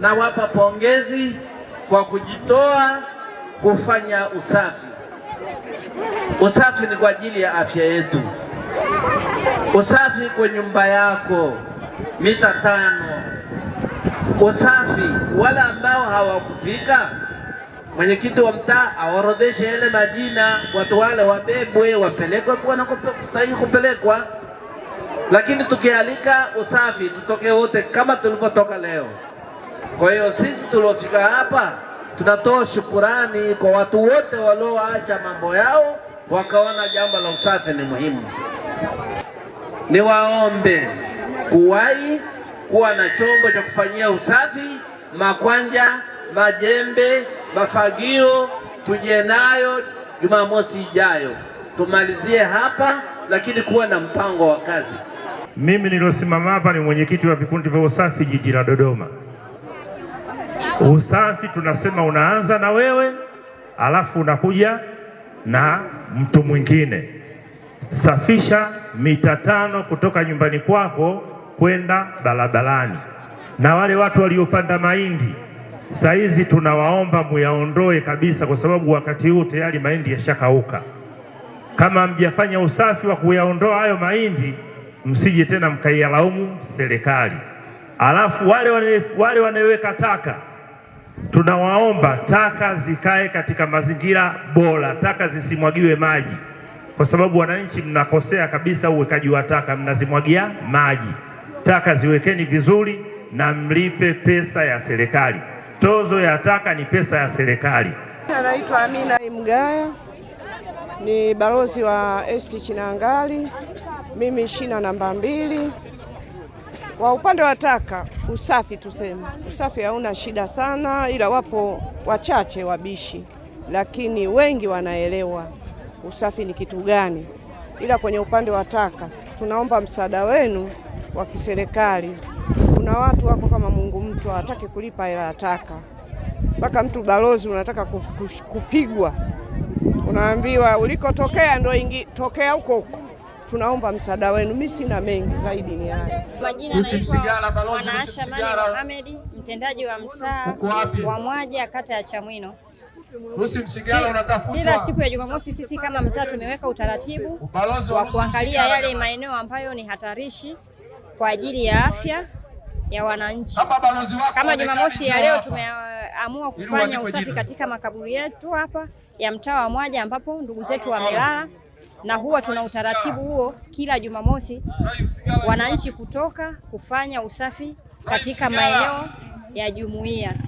nawapa pongezi kwa kujitoa kufanya usafi. Usafi ni kwa ajili ya afya yetu. Usafi kwa nyumba yako mita tano. Usafi wala ambao hawakufika, mwenyekiti wa mtaa aorodheshe yale majina, watu wale wabebwe, wapelekwe wanakostahili kupelekwa. Lakini tukialika usafi, tutoke wote kama tulipotoka leo. Kwa hiyo sisi tuliofika hapa tunatoa shukurani kwa watu wote walioacha mambo yao wakaona jambo la usafi ni muhimu. Niwaombe kuwahi kuwa na chombo cha kufanyia usafi, makwanja, majembe, mafagio, tuje nayo Jumamosi ijayo tumalizie hapa, lakini kuwa na mpango wa kazi. Mimi niliosimama hapa ni mwenyekiti wa vikundi vya usafi jiji la Dodoma. Usafi tunasema unaanza na wewe, alafu unakuja na mtu mwingine. Safisha mita tano kutoka nyumbani kwako kwenda barabarani. Na wale watu waliopanda mahindi saizi tunawaomba muyaondoe kabisa, kwa sababu wakati huu tayari mahindi yashakauka. Kama mjafanya usafi wa kuyaondoa hayo mahindi, msije tena mkaiyalaumu serikali. Alafu wale wale wanaweka taka tunawaomba taka zikae katika mazingira bora, taka zisimwagiwe maji, kwa sababu wananchi mnakosea kabisa uwekaji wa taka, mnazimwagia maji. Taka ziwekeni vizuri na mlipe pesa ya serikali. Tozo ya taka ni pesa ya serikali. Anaitwa Amina Mgaya, ni balozi wa Esti Chinangali, mimi shina namba mbili. Kwa upande wa taka, usafi tuseme, usafi hauna shida sana, ila wapo wachache wabishi, lakini wengi wanaelewa usafi ni kitu gani. Ila kwenye upande wa taka tunaomba msaada wenu wa kiserikali. Kuna watu wako kama Mungu mtu hawataki kulipa hela ya taka, mpaka mtu balozi unataka kupigwa, unaambiwa ulikotokea ndo ingi tokea huko huko tunaomba msaada wenu. Mimi sina mengi zaidi ni haya. Majina Ahmed, mtendaji wa mtaa wa Mwaja, kata ya Chamwino. Kila siku ya Jumamosi sisi kama mtaa tumeweka utaratibu wa kuangalia yale maeneo ambayo ni hatarishi kwa ajili ya afya ya wananchi. Kama Jumamosi ya leo tumeamua kufanya usafi katika makaburi yetu hapa ya mtaa wa Mwaja ambapo ndugu zetu wamelala na huwa tuna utaratibu huo kila Jumamosi, wananchi kutoka kufanya usafi katika maeneo ya jumuiya.